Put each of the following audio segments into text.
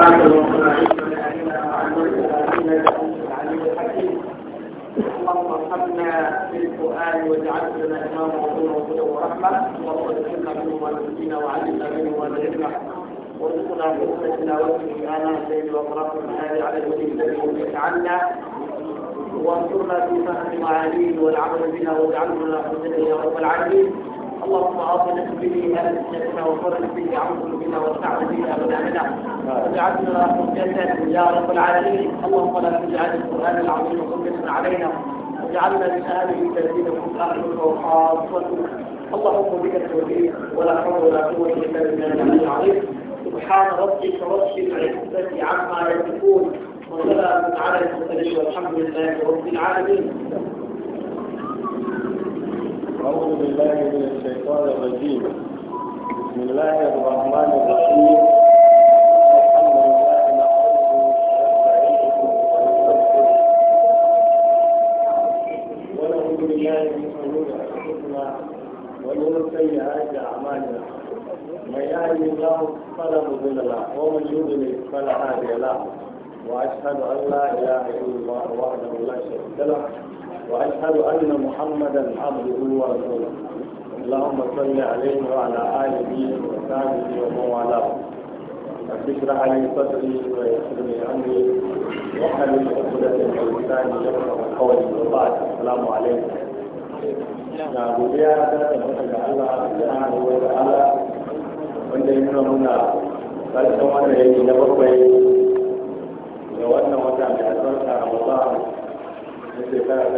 اللهم ارحمنا بالقران واجعله لنا اماما ونورا وهدى ورحمه اللهم ارزقنا منه ما نسينا وعلمنا منه ما نعلمنا وارزقنا بحسن تلاوته اناء الليل وقراءه النهار على الوجه الذي وفيت عنا وانصرنا في فهم معانيه والعمل بنا واجعله من حجه يا رب العالمين اللهم اعطنا به السنتنا وفرج به عن قلوبنا وارفعنا به ودعمنا واجعلنا حجة يا رب العالمين اللهم لا تجعل القران العظيم حجة علينا واجعلنا من اهله الذين هم اهلك وخاصتك اللهم بك التوفيق ولا حول ولا قوه الا بالله العظيم سبحان ربك رب العزه عما يصفون وسلام على المرسلين والحمد لله رب العالمين أعوذ بالله من الشيطان الرجيم بسم الله الرحمن الرحيم الحمد لله ونعوذ بالله من ومن سيئات أعمالنا من الله فلا ومن فلا له وأشهد أن لا إله إلا الله وحده لا شريك له وأشهد أن محمدا عبده ورسوله اللهم صل عليه وعلى آله وصحبه ومن والاه رب لي صدري ويسر لي أمري وحل عقدة من لساني يفقه قولي وبعد السلام عليكم na godiya ta tabbata ga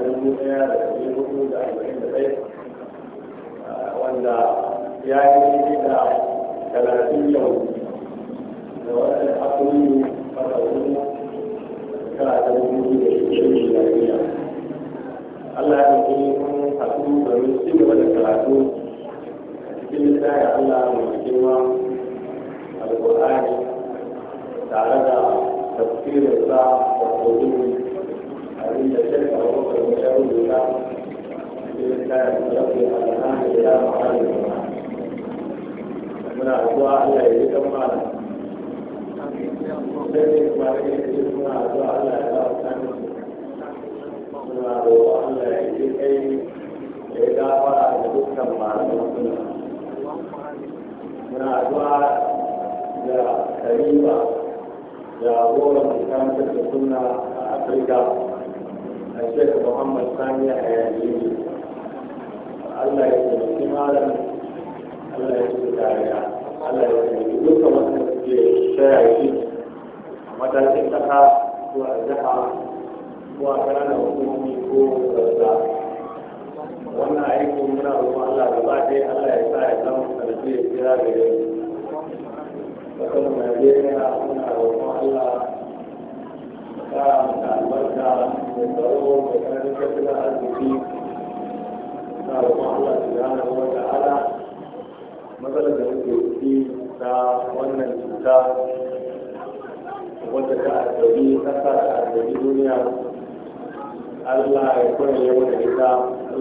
dubu ɗaya da ɗari hudu da arba'in da ɗaya wanda ya yi da talatin yau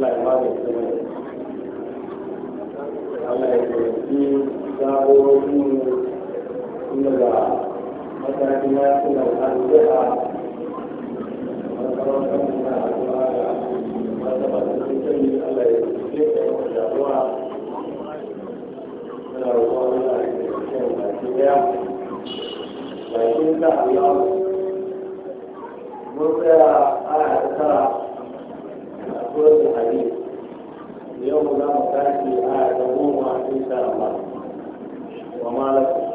Allah ya ba da kuma Allah ya ɗauki jagorori tun daga matakin ya suna da mata da da da da سورة الحديث اليوم لا مكان في آية تقوم إن شاء الله وما لكم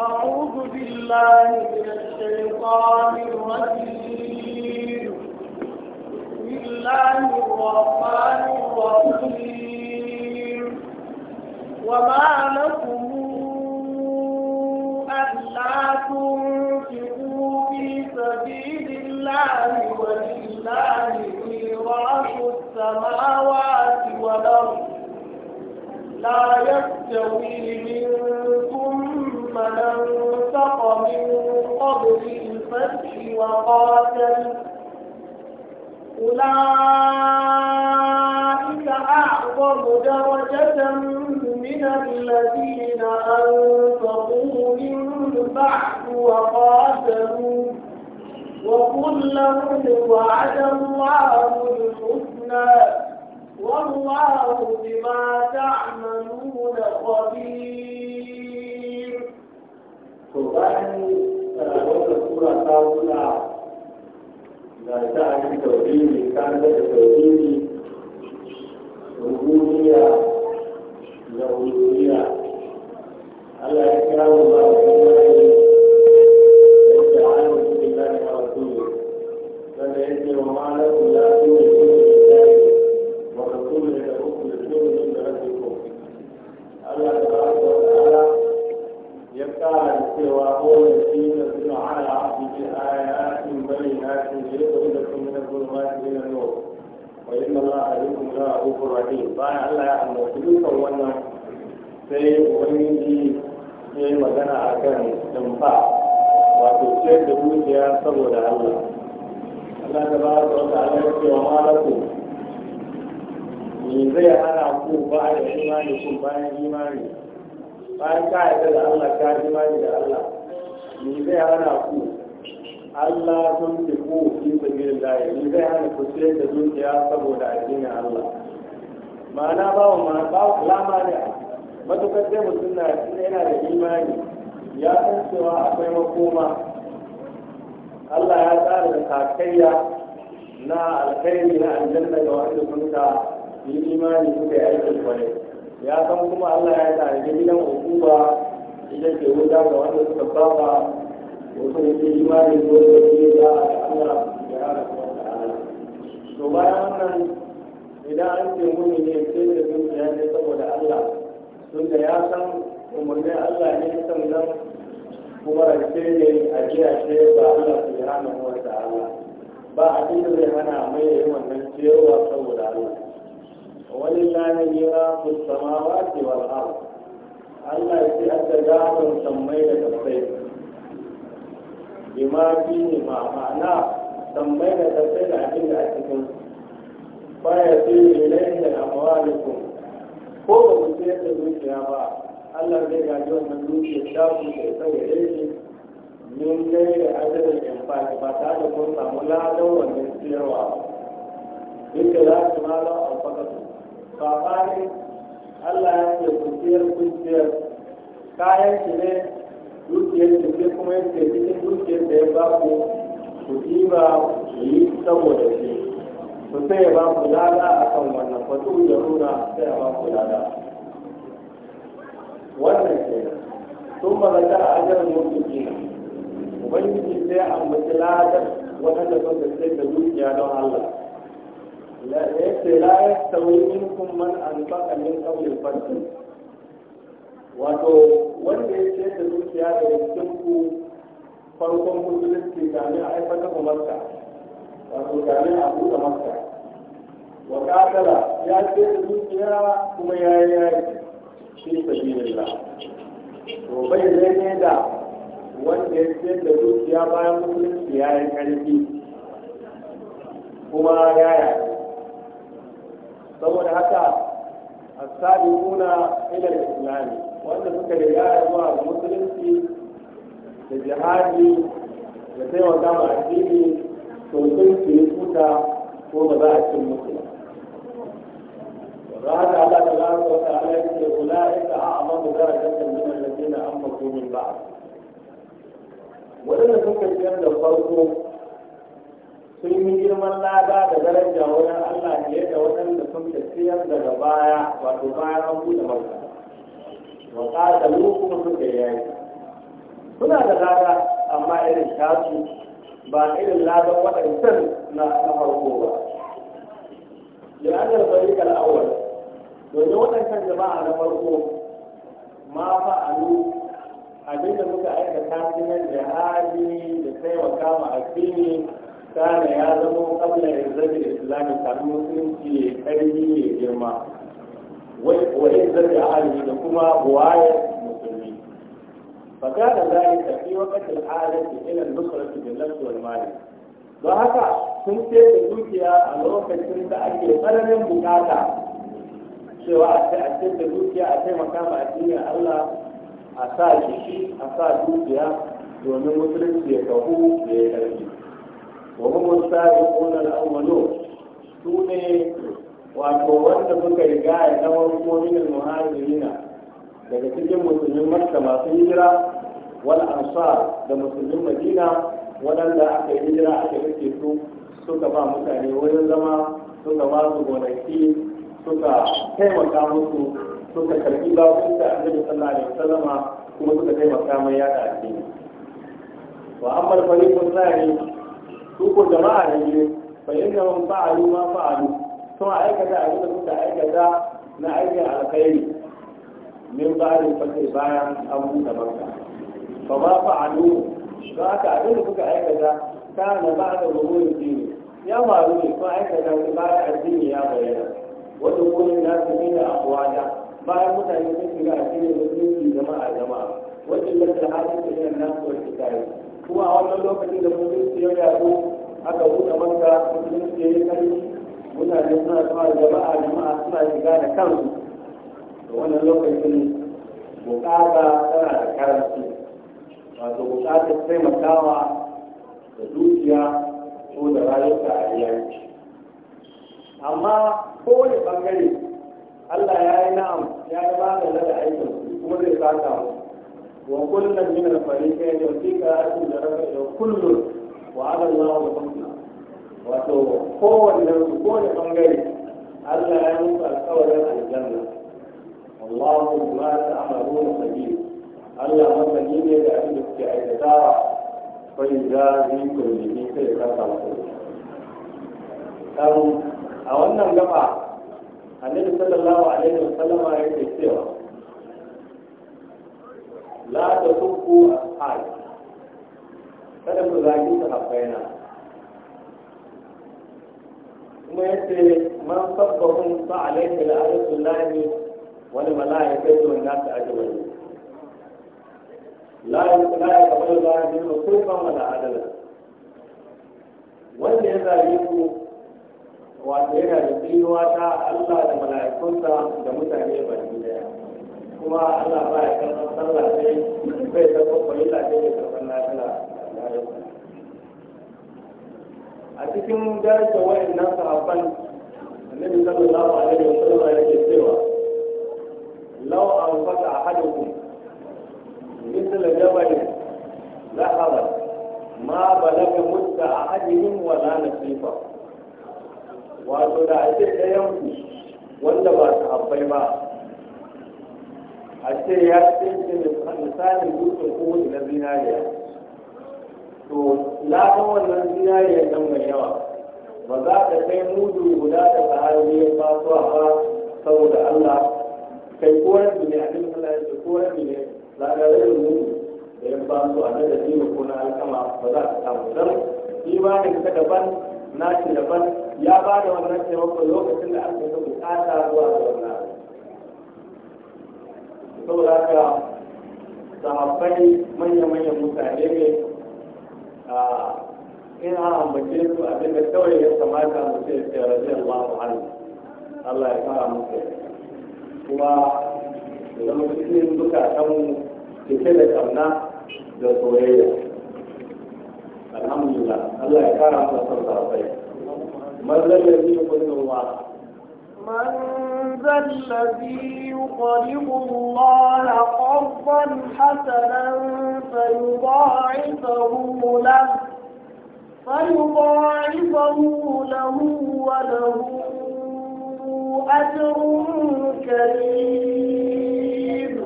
أعوذ بالله من الشيطان الرجيم بسم الله الرحمن الرحيم وما لكم ألا تنفقوا في سبيل الله ولله لله ميراث السماوات والأرض لا يستوي منكم من انفق من قبل الفتح وقاتل أولئك أعظم درجة من الذين أنفقوا من بعد وقاتلوا وكلا وعد الله الحسنى والله بما تعملون خبير سبحان تراوت سورة تاولا da ta ake tauriri, kan da tauriri, rumuniya, zaɓin sammai da kasai bima fi ne ma ma'ana sammai da kasai da abin da a cikin baya fi ne lai da amawalikun ko ba ku sayar da zuciya ba Allah zai gaji wannan zuciya ta ku da ita ga ɗaya min dai da adadin amfani ba tare da kun samu ladon wannan siyarwa ba duk da za su ma za a faɗa. su ba Allah ya ce ku siyar kun siyar kayan ki ne dukiyar ki sai kuma yake cikin dukiyar da ya ba ku ku ɗiba ku yi saboda shi ku sai ya ba ku lada a kan wannan fatu da nuna sai ya ba ku lada wannan ke sun ba zaka a ajar mutu kina ubangiji sai a mutu ladar wadanda ban da sai da dukiya don Allah la yace la yastawi minkum man anfaqa min qabli al-fath wato wanda ya ce da zuciya da cikin ku farkon musulunci ne a haifar da makka wato ne a buɗe makka wa kakala ya ce da zuciya kuma ya yi yi shi sabilillah to bai zai da wanda ya ce da zuciya bayan musulunci ya yi karfi kuma ya yi saboda haka a kuna ilar islami wanda suka riga ya zuwa musulunci da jihadi da taimaka ma addini to sun su yi kuta ko ba za a cin musu ba. Zahar Allah da Allah wa ta'ala ya ce kula ita a amma mu zara jantar min alladina an mako min ba. Waɗanda suka ciyar da farko sun yi girman lada da daraja wajen Allah fiye da waɗanda sun ciyar daga baya wato bayan an buɗe maka. wa ƙasalu kuma suka yayi suna da lada amma irin tasu ba irin ladan waɗancan na farko ba li'annar fariƙar awal domin waɗancan jama'a na farko ma fa'alu abinda muka aikata su nan jihadi da taimaka ma addini kana ya zama kabla ya zabi islami kafin musulunci ya karfi mai girma wani zarga ahli da kuma wayar musulmi fakadar zai tafi wakatar halatti ila nusratu bin nafsi wal mali don haka sun fesa dukiya a lokacin da ake tsananin bukata cewa a ce a ce da dukiya a taimaka ma Allah a sa jiki a sa dukiya domin musulunci ya kahu da ya karfi wa mun sa yi ƙunar su ne wato wanda suka riga ya zama mu'minin muhajirina daga cikin musulmin makka masu hijira wal ansar da musulmin madina waɗanda aka yi hijira aka rike su suka ba mutane wurin zama suka ba su gonaki suka taimaka musu suka karbi babun da annabi sallallahu alaihi wasallama kuma suka taimaka mai yada addini wa amma fariqun tsari su ko jama'a ne fa innahum fa'alu ma fa'alu sun aikata a da suka aikata na aikin alkhairi min ba'in fasir bayan an buɗe maka fa ma fa'alu don haka abin da suka aikata kana ba'da rubutu dini ya faru ne sun aikata su bayan addini ya bayyana wata kolin na su ne da akwada bayan mutane sun shiga addinin musulunci jama'a jama'a wajen lantar halin da yan nasu wacce tare kuma a wannan lokacin da musulunci ya yaɗu aka buɗe maka musulunci ya yi karfi muna da suna zuwa jama'a jama'a suna shiga da kansu da wannan lokacin bukata tana da karanci wato bukata taimakawa da dukiya ko da rayuka a yanki amma kowane bangare Allah ya yi na'am ya yi ba da aikin kuma zai saka mu wa kullum min al-fariqayn yusika ajrun kullun wa 'ala Allah wato kowanne su kowane bangare Allah ya musu alkawarin aljanna Allahu ma na sabi Allah yi ne da abin da kuke aikatawa fa idza minkum bi kai ka samu kan a wannan gaba Annabi sallallahu alaihi wasallam ya ce cewa la tasubbu ahad kada ku zagi na. kuma ya yace man sabbahum fa alayhi la'anatullahi wal malaikatu wan nas ajma'in la la yaqbalu Allahu minhu sulfan wala adala wanda ya zabe ku wato yana da tsinuwa ta Allah da mala'ikunsa da mutane baki daya kuma Allah ba ya karɓar sallah sai bai karɓar kwalila sai da karɓar nada a cikin daraja a sahabban annabi sallallahu alaihi wasallam bayan wannan zinariyar nan mai yawa ba za ka kai mudu guda da sahabi ya fasuwa ba saboda Allah kai ko rabi ne a cikin Allah ya ko rabi ne za lagarin mudu da ya fasu a da dino ko na alkama ba za ta samu dan imanin ka daban nashi daban ya ba da wannan taimakon lokacin da aka yi bukata zuwa ga wannan saboda haka sahabbai manya-manyan mutane ne in an ambace su abin da kawai ya kamata mu ce ya rabi Allah anhu Allah ya fara musu kuma da zama cikin zukatan cike da kamna da soyayya alhamdulillah Allah ya fara musu son sarfai man lallabi kullum wa من ذا الذي يقرض الله قرضا حسنا فيضاعفه له فيضاعفه له وله أجر كريم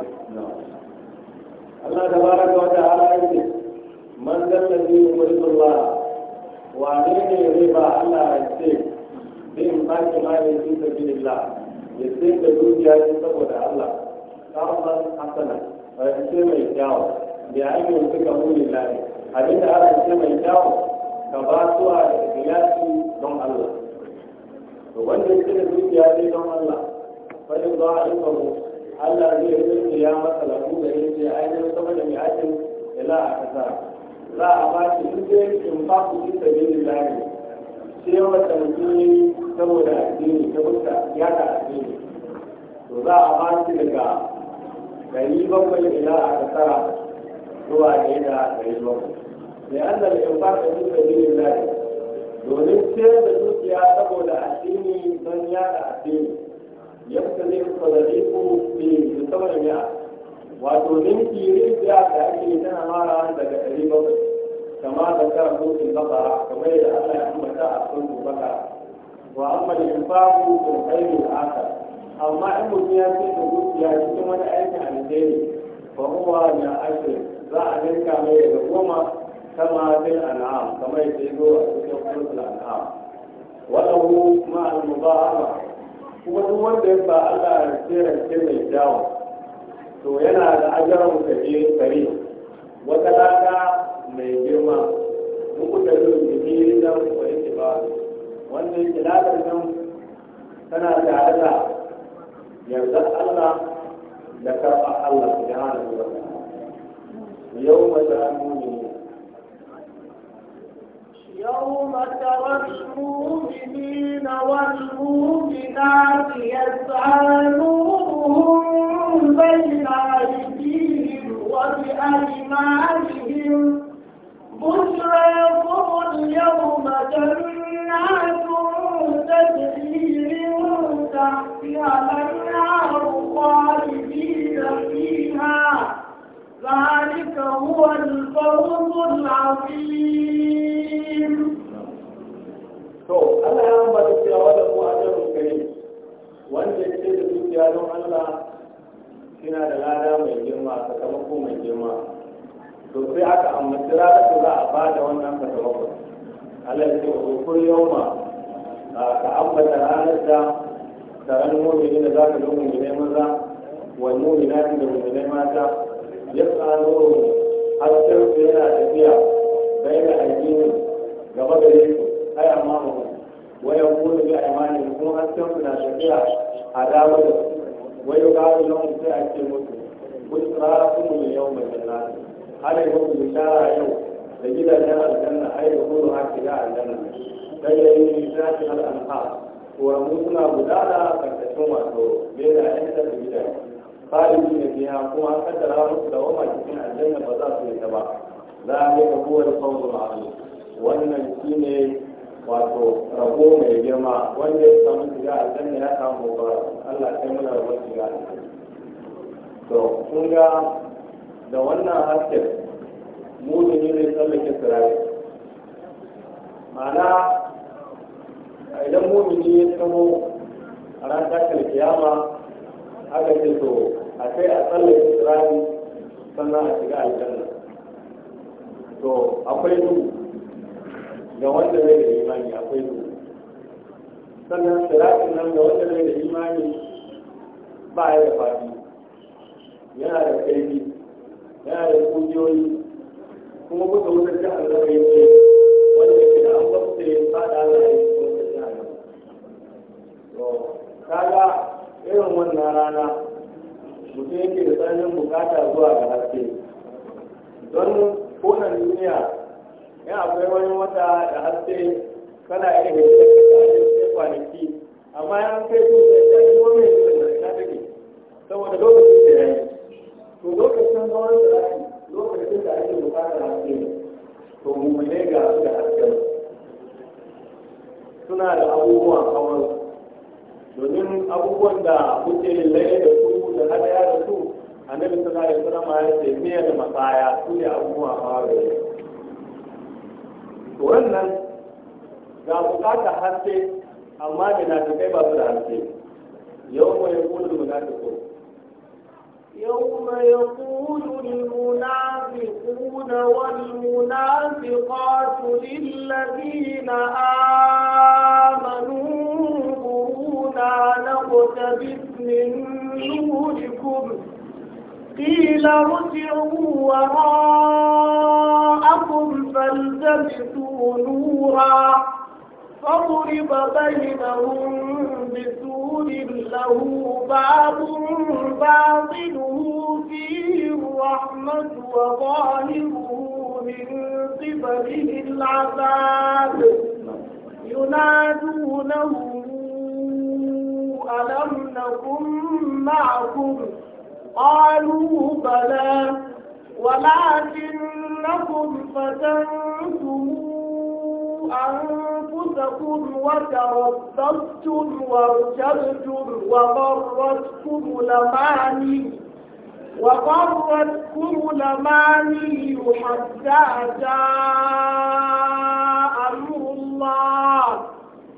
الله تبارك وتعالى من ذا الذي يقرض الله وعليه ربا الله يستيق bin baki malin fi sabilillah ya sai da dukiya ce saboda Allah karban hasana ce mai kyawu da ayyukan suka muni lafi abinda aka ce mai kyawu ka ba suwa da ikhlasi don Allah to wanda yake da zuciya ne don Allah fa in ba alfa mu Allah zai rinke ya masa lafu da yake ainihin sama da mai ajin ila a kasa za a ba shi duk in ba ku ji sabilin lahi sai wata mutum saboda addini ta fuska ya ta addini to za a ba shi daga dari bakwai ila a kasara zuwa da yadda dari bakwai لأن الإنفاق في سبيل الله domin sayar da dukiya saboda addini don yada addini yadda zai kwadari ko bi musamman ya wato ninki rijiya da ake tana mara daga ɗari bakwai kama da kan rufin baka kamar yadda Allah ya ambata a kullu baka wa amma al-infaqu fil khayri al amma in mutum ya da aikin alheri fa huwa za a ninka mai da goma كما في الأنعام كما يتيجوا أسكيب الأنعام وله مع المضاعفة kuma duk wanda ya ba Allah ya tsirance mai kyawu to yana da ajaran kaje kare wata laka mai girma duk da yin jiki da ku yake ba wanda yake nan tana tare da yardar Allah da karɓar Allah da hana yau mata يوم ترى المؤمنين والمؤمنات يسعى نورهم بين أيديهم وبأيمانهم halatta taron mumini da za ka zo mumini maza wani mumina da mumini mata ya tsaro hasken su yana tafiya bai da addini gaba gare su ai amma mu wayan kuma bi imani kuma hasken su na tafiya a dama da su wayo ƙarin lamun sai a ce musu bushra kuma yau mai jannati har yau bishara yau da gidajen aljanna ai da kudu haka ya aljanna sai ya yi nishaɗi al'anha koramu suna gudana karkashin wato berayen da su gida fa'ili ne ha kuma an kaddara musu da wama cikin aljanna ba za su yi ta ba za a yi rabuwar fawzul ma'amu wannan shi ne wato rabo mai girma wanda ya samu shiga aljanna ya samu ba Allah sai muna rabon shiga to kun ga da wannan hasken mutum ne zai tsallake sirai ma'ana a idan mumini ya samu a ran takar kiyama aka ce to a kai a tsallar isra'i sannan a shiga aljanna to akwai duhu ga wanda bai da imani akwai duhu sannan siratin nan ga wanda bai da imani ba ya da fadi yana da kaifi yana da kujiyoyi kuma kusa wutar jihar zama yake wanda ke da an gwamnati ya fada na kaga irin wannan rana mutum yake da tsananin bukata zuwa ga haske don konan duniya ya akwai wani wata da haske kana iya hita da kwanaki amma ya kai su da ya yi wani da ta tafi saboda lokacin da ya yi to lokacin da wani da lokacin da ake bukatar haske to mu ne ga su da hasken suna da abubuwan hawan domin abubuwan da kuke laye da su da hadaya da su annabi sallallahu suna ma ya ce miya da masaya su ne abubuwa ma fara to wannan ga bukata haske amma da na tafai ba su da haske yau kuma kuma ya mai kudu munafiqun يوم يقول المنافقون والمنافقات للذين آمنوا نقتبس من نوركم قيل ارجعوا وراءكم فالتمسوا نورا فضرب بينهم بسور له باب باطنه فيه الرحمة وظاهره من قبله العذاب ينادونه نكن معكم قالوا بلى ولكنكم فتنتم أنفسكم وتربصتم وارتبتم وغرتكم لماني وغرتكم لماني حتى جاء أمر الله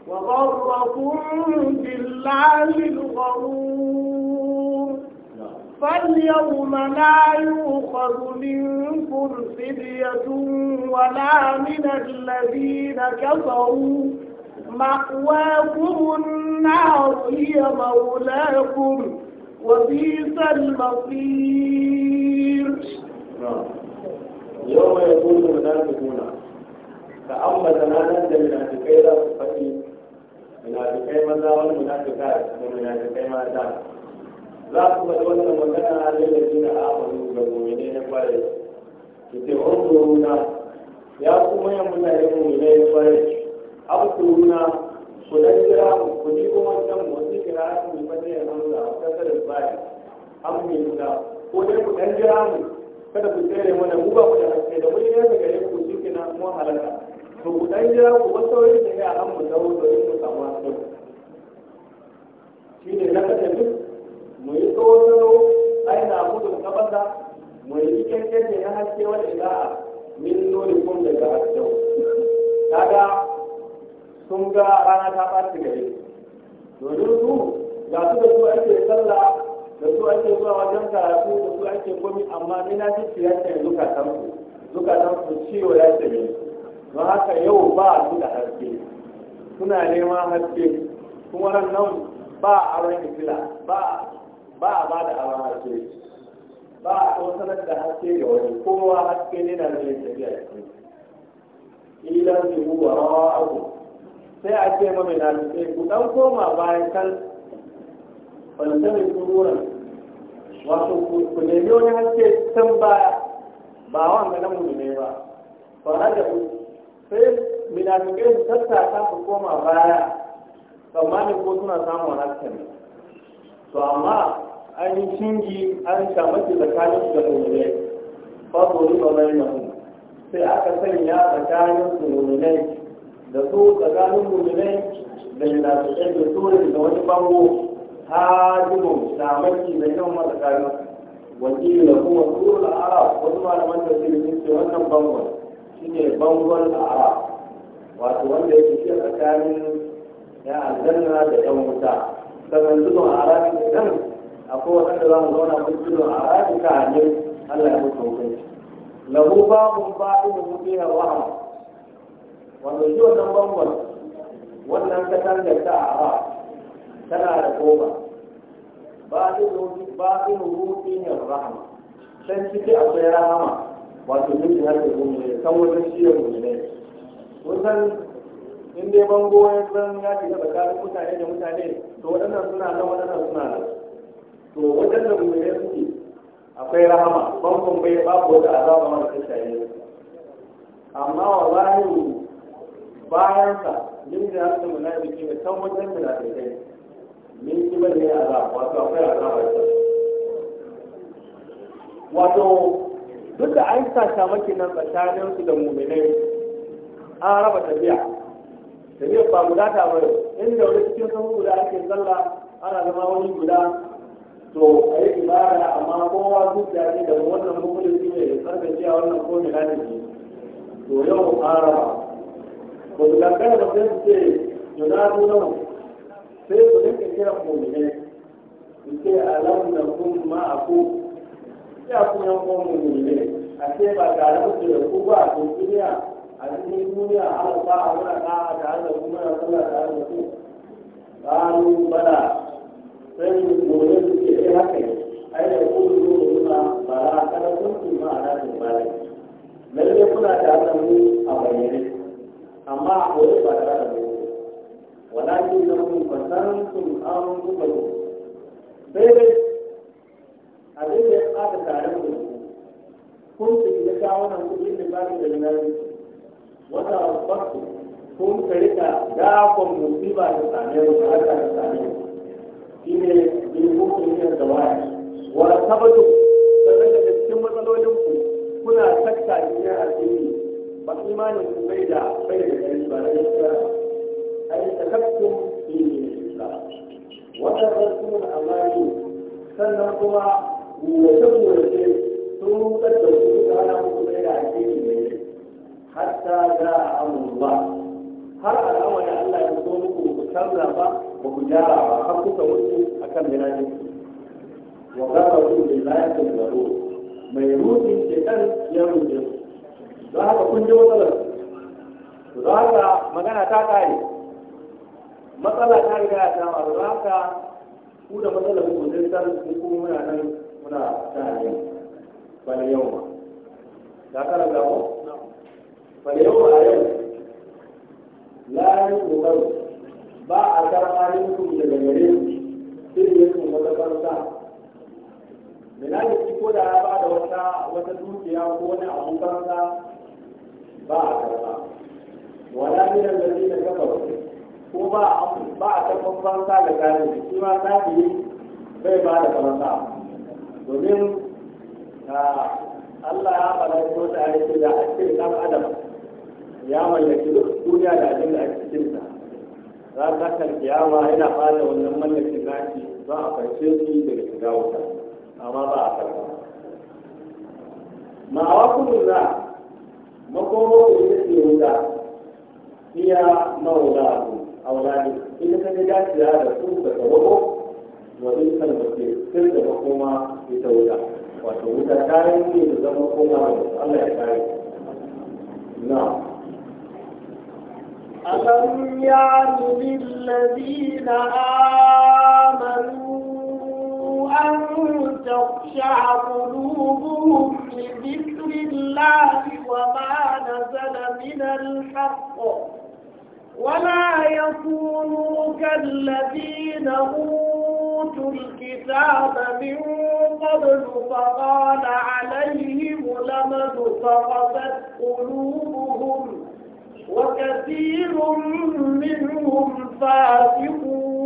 وغركم أمثال الغرور فاليوم لا يؤخذ منكم فدية ولا من الذين كفروا مأواكم النار هي مولاكم وبئس المصير يوم يقول المنافقون تأمل لنا من أهل munafikai maza wani munafika da munafikai mata za ku faɗi wannan magana a lalaci na amanu ga mummune na kwarai ki ce runa ya kuma muna mutane mummune na kwarai abduruna ku dan jira mu ku ji kuma can mu ji kira mu fata ya hamza a kasar bai amina ko dai ku dan jira mu kada ku tsere mana mu ba ku da haske da wani ne daga yau ku ji kina mu halaka to ku dan jira ku ba sauri da ya an mu dawo domin mu samu hasu shi ne na kace duk mu yi tsoro ai na gudun kabasa mu yi kyakkyan ne na haske wanda za'a min nori kun daga hasu kaga sun ga rana ta ɓaci gari domin su ga su da su ake sallah da su ake zuwa wajen karatu da su ake komi amma ni na ji siyasa yanzu ka san su zuka su ciwo ya ce ne ba haka yau ba su da haske suna neman haske kuma ran nan ba a aron fitila ba a ba da aron haske ba a ɗaukanar da haske da wani kowa haske ne na zai tafiya cikin ilan su wa rawa abu sai a ce mame na rufe eh, ku ɗan koma bayan kan falsafi kururan wato ku nemi wani haske can baya ba wanda na mu ne ba ba na da sai minafikai su ta su koma baya tsammanin ko suna samun hasken to amma an yi shingi an shamaki tsakanin da mummunai ba su wani ba bai nan sai aka sanya tsakanin mummunai da su tsakanin mummunai da minafikai da su da wani bango hajjibin shamaki da yawan matsakanin wani da kuma tsoron ala wasu malaman da su ne wannan bangon shine bangon a'raf wato wanda yake shi tsakanin ya aljanna da yan wuta sannan tudun a'raf nan akwai da za mu zauna kun tudun a'raf ka hanyar Allah ya mutu hukunci lahu mutu ya fiha rahma wanda shi wannan bangon wannan da ta a'raf tana da goma mutu ya fiha rahma san ciki akwai rahama wato duk ya ce kuma ne san wajen shiyar mu ne kusan in dai bango ya san ya ce da tsakanin mutane da mutane to waɗannan suna nan waɗannan suna nan to wajen da mu ne suke akwai rahama bangon bai babu wata azaba mara ta shaye amma wa bayan bayansa yin da ya su munafiki ne san wajen da na kai min kibar ne azaba wato akwai azaba wato duk da an sasha maki nan tsakanin su da muminai an raba tafiya tafiya ba guda ta bari inda wani cikin sahu guda ake zalla ana zama wani guda to a yi ibara amma kowa zuciya ne da wannan mukulun su ne da tsarkaciya wannan ko mina ne to yau an raba ba su dangana da sai su ce yunadu mu sai su rinka kiran muminai su ce alam na a ma'akum ya kuma yan uwan mu ne a ce ba tare muke da ku ba a duniya a cikin duniya an ba a muna ɗa'a tare da kuma na sallah tare da ku ƙalu bala sai gobe su ke ɗaya haka ne ai da ku zo da nuna bara kada kun ci ma a nan ba ne lalle kuna tare da mu a bayyane amma a koyi ba tare da mu walakin da kun fasantum abin da ya tsada tare da kun su yi ta wannan kuɗi da ba da nan wata wasu kun ka rika dakon musiba da tsane da harka da tsane shi ne yin hukun yin da waya wa sabatu sannan daga cikin matsalolin ku kuna a cikin addini ba imanin ku bai da bai da gari ba da gaskiya ai takakkun shi ne wata rasulun amani sannan kuma gurace-gurace sun rukar da su ta hana musu mai da ake yi mai hatta za a amur ba har al'amari Allah ya zo muku ku canza ba ba ku gyara ba har kuka mutu a kan birane wa gaba su da layakin zaro mai rufin shekar ya rufe don haka kun ji matsalar za ka magana ta kare matsala ta riga ta maru don haka ku da matsalar ku kun san kuma muna nan muna ta hanyar bane yau ma ta karanta ko bane yau a yau la yi kokaru ba a karɓa yankin daga gare su sai ya kuma wata karsa milali ko da ya ba da wata wata dukiya ko wani abu karsa ba a karɓa wala min alladhina kafaru ko ba ba a karɓan karsa da kare shi ma yi bai ba da karanta domin Allah ya fara ko ta ce da a cikin ɗan adam ya mallaki duk duniya da abin da a cikin sa za ta kan kiyama yana fara wannan mallakin nashi za a farce shi daga shiga wuta amma ba a a ma'awakun za makomo da ce wuta iya maula abu ne in ka ga dace da su da tsaro wani dukkan da ke sirri da makoma ita wuta wato wuta ta yi da zama koma da Allah ya kare na ألم يعن الذين آمنوا أن تخشع قلوبهم لذكر الله وما نزل من الحق ولا يكونوا كالذين أوتوا الكتاب من قبل فقال عليهم لمد فقست قلوبهم وكثير منهم فاسقون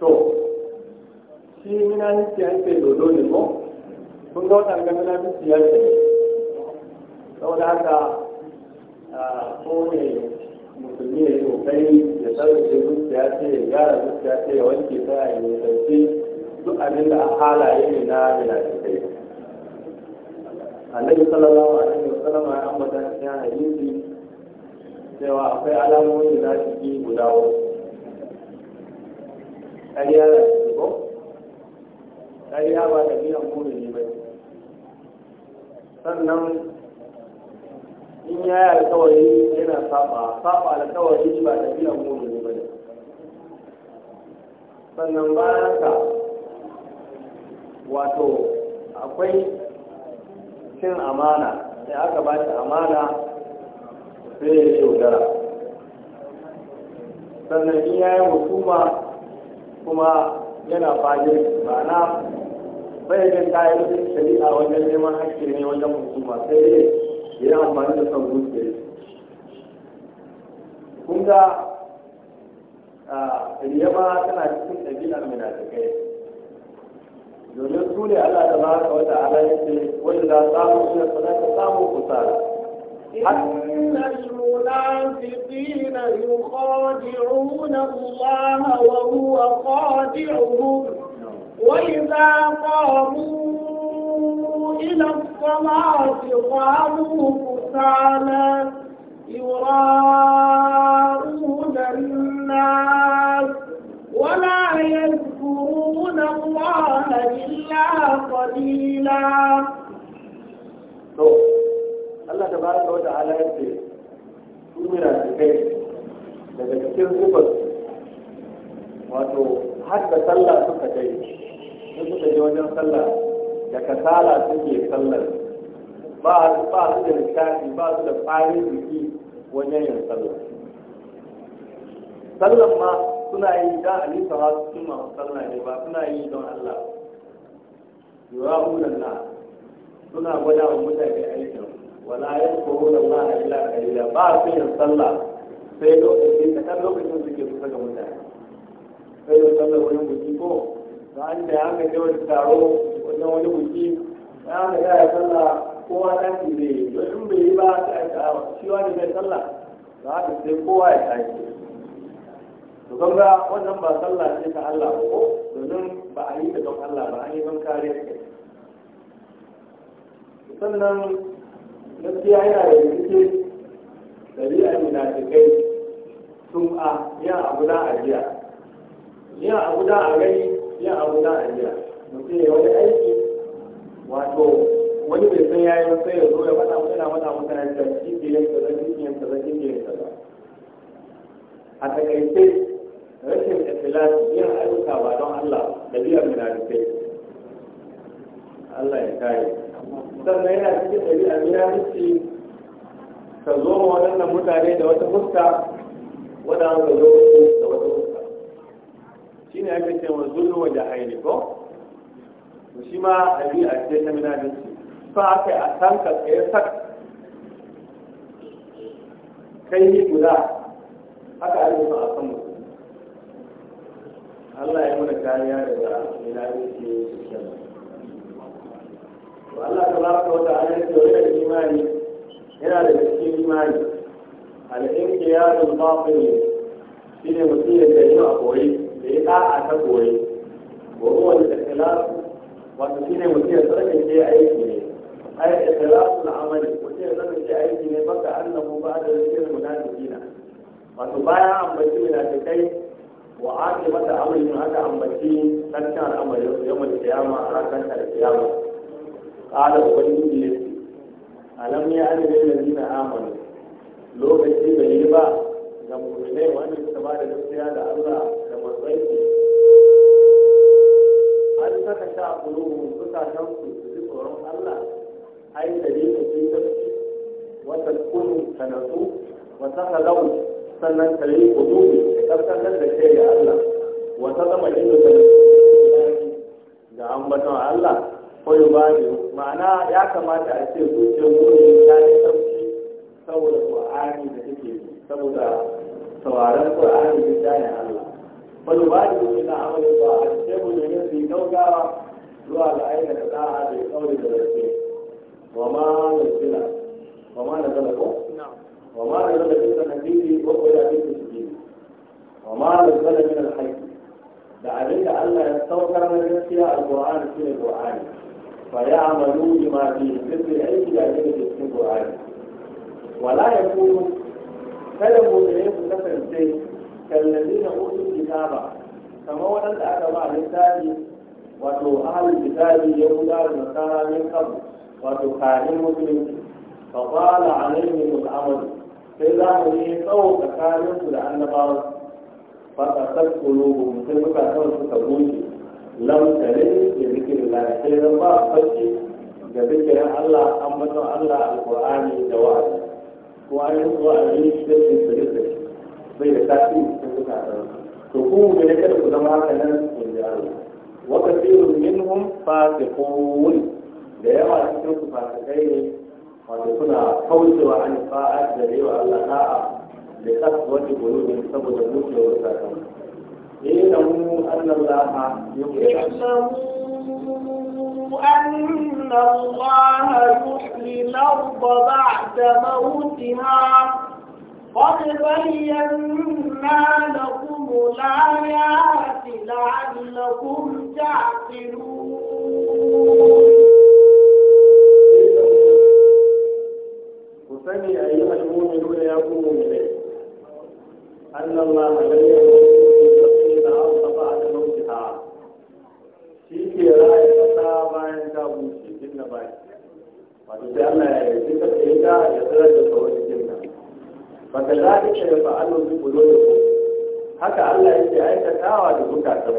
to shi minanci ake dodo ne mo kun ga wadanda minanci ya ce saboda haka ko ne musulmi ya kokari ya sarrafa zuciya ce ya gyara zuciya ce ya wanke ta ya nisanci duk abin da halaye ne na munafikai annabi sallallahu alaihi wasallam ya ambata cikin hadisi cewa akwai na munafiki guda uku ƙarya da ko ƙarya ba da biyan mumini ba sannan in ya yi alkawari yana saba saba alkawari ba ta biyan mumin ne ba ne sannan bayan ka wato akwai cin amana sai aka ba shi amana sai ya yaudara sannan in ya yi hukuma kuma yana fajin ma'ana bai jin kayan shari'a wajen neman hakki ne wajen hukuma sai dai. ya yi amfani da son zuciya kun ga riya ma tana cikin ɗabi'ar munafikai domin su ne Allah da ba ka wata ala ya ce wanda za samu shi da sadaka samu kusara إن المنافقين يخادعون الله وهو خادعهم وإذا قاموا إلى الصلاة قاموا فسالا يراءون الناس ولا يذكرون الله إلا قليلا الله تبارك وتعالى يقول لنا في الكيس لذلك كيف يقول وأنه حتى صلى سكتين سكتين وجه صلى da kasala suke sallar ba ba su da nishaɗi ba su da farin jiki wajen yin sallar sallar ma suna yi da alisa ba su cin sallar ne ba suna yi don Allah hudun na suna gwada wa mutane aikin wala ya ko hudun ma a ila kalila ba su yin sallar sai lokacin da kan lokacin suke kusa ga mutane sai da sallar wani buki ko ta hanyar da ya haka taro na wani buki ya ka ya yi sallah kowa ta ce zai yi don in bai yi ba ta yi ta shi wani zai sallah za haka sai kowa ya tashi to kan ga wannan ba sallah ce ta Allah ko domin ba a yi da don Allah ba an yi don kare kai sannan gaskiya yana da yake ɗabi'ar munafikai sun a yin abu da ajiya yin abu na a gani yin abu da ajiya mutum ya wani aiki wato wani bai san yayin sai ya zo ya faɗa mutum yana faɗa mutum yana cewa cikin ke yin kaza shi ke yin kaza shi ke yin kaza a takaice rashin ikhlas yin ayyuka ba don Allah da biyar na munafikai Allah ya kare sannan yana cikin ɗabi'a munafiki ka zo ma waɗannan mutane da wata fuska waɗanda ka zo da wata fuska shine ake cewa zulmu wa jahili ko shi ma a yi a ce ta mina minci fa aka yi a tanka tsaye sak kai yi guda aka yi musu a kan musu Allah ya muna kariya daga mina minci to Allah ta ka wata ala ya ce da imani yana da cikin imani al ne Shi ne mutum ya yi a koyi da ya da'a ta koyi wa wani da ikhlas wato shi ne mutum ya tsarkake aiki ne ai ikhlasul amali mutum ya tsarkake aiki ne baka annahu ba da rikin munafiqina wato bayan ambaci kai. wa aqibata amrihim haka ambaci karshen al'amari yawmal qiyama a ranar al-qiyama qala ubangiji ne alam ya ani da ladina amanu lokaci bai yi ba ga mu'minai wanda suka ba da gaskiya da Allah da manzon saka ta a kulubun zukatan ku su ji tsoron Allah ai da sun ta ta wata kunu ta nasu wata halau sannan ta yi kudubi kaskantar da ke ga Allah wata zama inda ta ga ambaton Allah koyo ba ne ma'ana ya kamata a ce zuciyar mutum ya yi sauki saboda ƙwa'ani da take saboda sauraron ƙwa'ani da ta Allah والواجب إلى عمل الطاعة الشيخ جميل في كوكا zuwa ga aikata da'a da kauri da gaske wa ma nuzila wa ma nazala ko wa ma nazala min al-hadidi ko ko da cikin shi wa ma nazala min al-hayy da abin da Allah ya saukar na gaskiya al-Qur'an shi ne Qur'ani fa ya'malu bima fi zikri aiki da yake cikin Qur'ani wala yakunu kada mu ne su kasance kallabi na hutun kitaba kamar waɗanda aka ba littafi wato ahalin kitabi ya guda da nasara min kan wato kayan musulunci fa qala alaihim al'amal sai za mu yi tsawo tsakanin su da annabawan fa qasat qulubuhum sai suka tsawon suka goce lam tare da zikrillah sai zan ba farki da zikirin Allah ambaton Allah alqur'ani da wa'azi ko ayin wa'azi da su da bai da tasiri cikin zukatan to ku mu ne kada ku zama haka nan in ji Allah wa kathirun minhum fasiqun da yawa cikin su fasikai ne wato suna kaucewa an fa'a da yawa Allah da'a da kasuwanci gulubin saboda zuciyar zukatan اعلموا أن الله يحيي الأرض بعد موتها وَلِبَيَّنَّ مَا لَكُمْ لَعَلَّكُمْ تَعْقِلُونَ وَسَمِعَ أَيُّهَا الْمُؤْمِنُونَ يَا أَنَّ اللَّهَ يَعْلَمُ مَا تُخْفُونَ وَمَا تُعْلِنُونَ شِيكِرَ أَيُّهَا الْمُؤْمِنُونَ إِنَّ بَعْضَ وَإِذَا مَا يَتَّقِ اللَّهَ يَجْعَلْ لَهُ مِنْ ka وكذلك da بقلوبكم haka Allah ya yake aikatawa da zukatan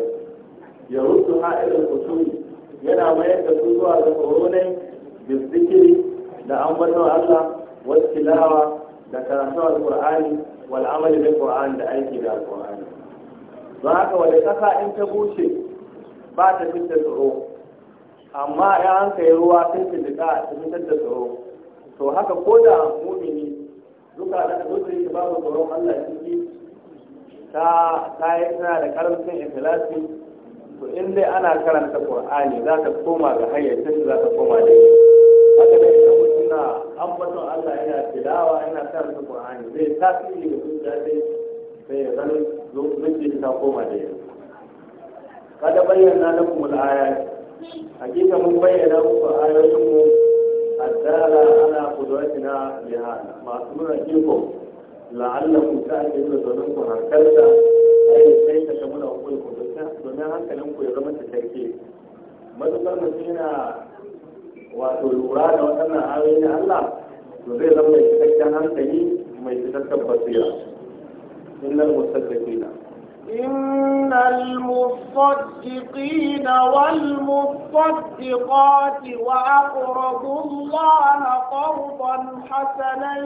ya rusu ha'ilin kusuri yana mayar da su zuwa ga tsoronai da zikiri da ambaton Allah wasu tilawa da karatu al-Qur'ani wal amali bil Qur'an da aiki da al-Qur'ani don haka wani kasa in ta bushe ba ta fitar tsoro amma ya an kai ruwa sai ta jika ta fitar da tsoro to haka ko da mumini duka da lokacin da babu tsoron Allah ciki ta ta yi tana da karancin ikhlasi to in dai ana karanta Qur'ani za ka koma ga hayyacin za ka koma da shi haka da ita mutuna ambaton Allah yana tilawa yana karanta Qur'ani zai tasiri ga zuciya dai sai ya zan zuciya ta koma da shi kada bayyana lakum al-ayat hakika mun bayyana muku ayoyin mu الدالة على قدرتنا لهذا معصومنا إيكم لعلكم تأتيون ظنكم هكذا أي شيء تشمل أقولكم دونها كلامكم يغمى التركيب matuƙar mutum yana wato lura da waɗannan ayoyi Allah to zai zama mai cikakken hankali mai cikakken basira innal mustaqimina إن المصدقين والمصدقات وأقرضوا الله قرضا حسنا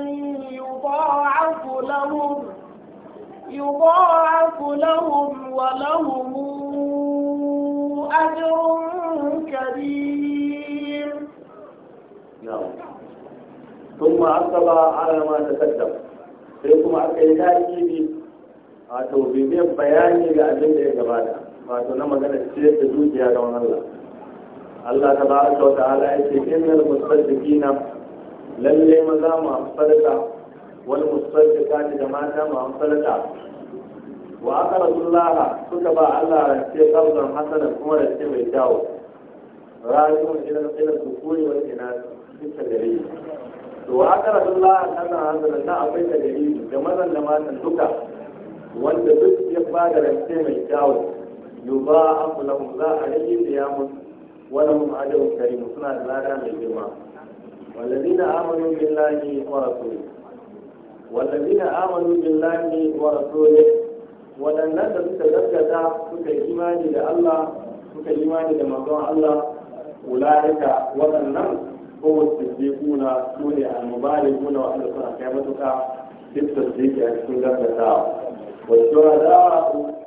يضاعف لهم يضاعف لهم ولهم أجر كريم نعم. ثم عقب على ما تقدم ثم عقب wato bibiyar bayani ga abin da ya gabata wato na magana ce da dukiya ga Allah Allah ta ba'aka wa ta'ala ya ce innal musaddiqina lalle maza mu wani wal musaddiqati da mata mu amsalata wa aka rasulullah suka ba Allah rance kalban hasana kuma da ce mai kyau rayuwar idan idan su wa ina suka dare. to aka rasulullah kana hasana na akwai gari da mazan da matan duka wanda duk ya ba rance mai kyawun yuba aku lahum za a rage da ya mutu wani mun adabin karimu suna da lada mai girma wallazina amanu billahi wa rasulihi wallazina amanu billahi wa rasulihi waɗannan da suka gaskata suka yi imani da Allah suka imani da manzon Allah ulaika waɗannan ko tasdiquna sune al-mubaliguna wa Allah suna kai matuka duk tasdiqi a cikin gaskatawa والشهداء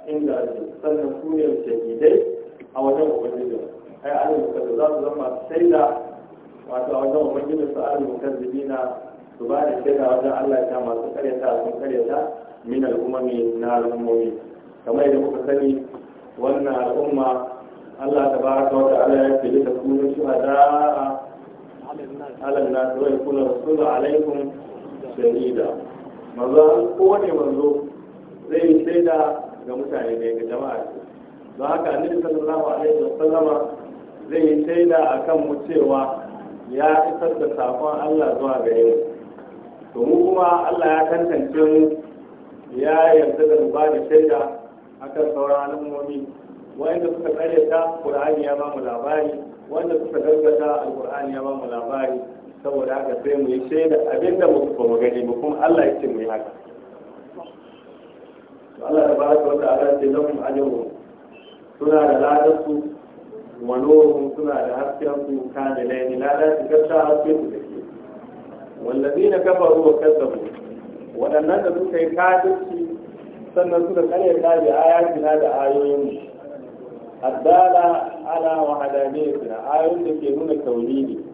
عند ربهم sannan su ne shahidai a wajen ubangijin ai alil mukazzabi za su zama su da. wato a wajen ubangijin su alil mukazzabi na su ba da shaida wajen Allah ya kama su karyata sun karyata min al'umami na al'ummomi kamar yadda kuka sani wannan al'umma Allah ta ta wata ta'ala ya ce da kunu shuhada'a alal nas wa yakuna rasulu alaikum shahida manzo kowane manzo zai yi shaida ga mutane da ga jama'a don haka annabi sallallahu alaihi wa sallama zai yi shaida akan mu cewa ya isar da sakon Allah zuwa gare mu to mu kuma Allah ya tantance mu ya yarda da ba da shaida akan sauran al'ummomi wanda suka tsare ta Qur'ani ya ba mu labari wanda suka gaskata Al-Qur'ani ya ba mu labari saboda haka sai mu yi shaida abinda mu kuma gani mu kuma Allah ya ce mu yi haka Allah ta baraka wata ala ce lahum ajrun suna da ladar su wa suna da hasken su da laini ladar su kasta haske su na kafa ruwa wa mu. waɗannan da suka yi kafirci sannan suka kare ta bi ayatina da ayoyinmu addala ala wa suna ayoyin da ke nuna tauhidi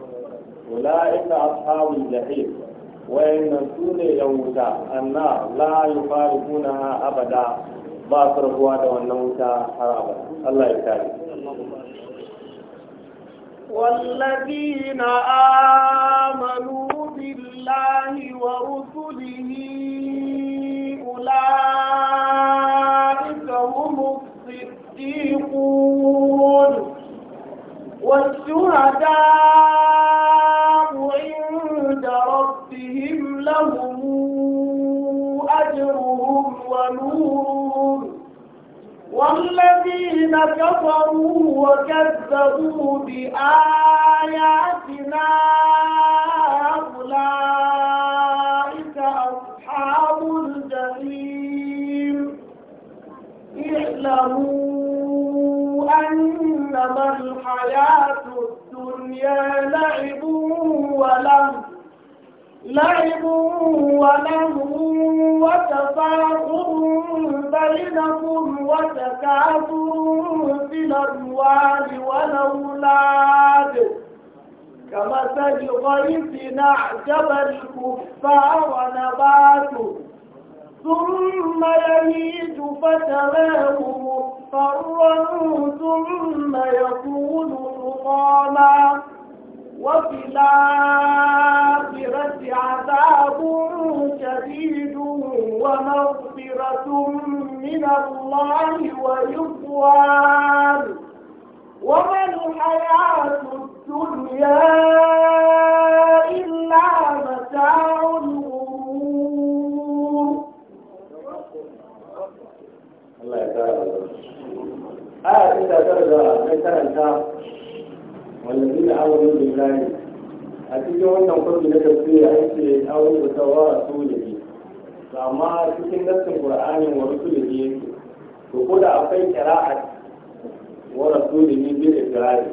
ulaika ashabul jahim wayannan su ne yan wuta anna la yufariqunaha abada ba su rabuwa da wannan wuta har abada Allah ya kare والذين آمنوا بالله ورسله أولئك هم الصديقون والشهداء عند ربهم لهم أجرهم ونورهم والذين كفروا وكذبوا بآياتنا أولئك أصحاب الجحيم اعلموا أنما الحياة الدنيا لعب ولهو لعب ولهو وتفاخر بينكم وتكاثر في الأموال والأولاد كمثل غيث أعجب الكفار نباته ثم يهيج فتراه مضطرا ثم يكون حطاما وفي الآخرة عذاب شديد ومغفرة من الله ورضوان وما الحياة الدنيا إلا متاع الغرور الله يبارك آية إذا درجة من درجة wallafi da awon da zai a cikin wannan kwafi na tafsiri an ce awon da tawa a su sojiri amma cikin nassin qur'anin wa rasulihi yake to ko da akwai qira'at wa biyu da ikrari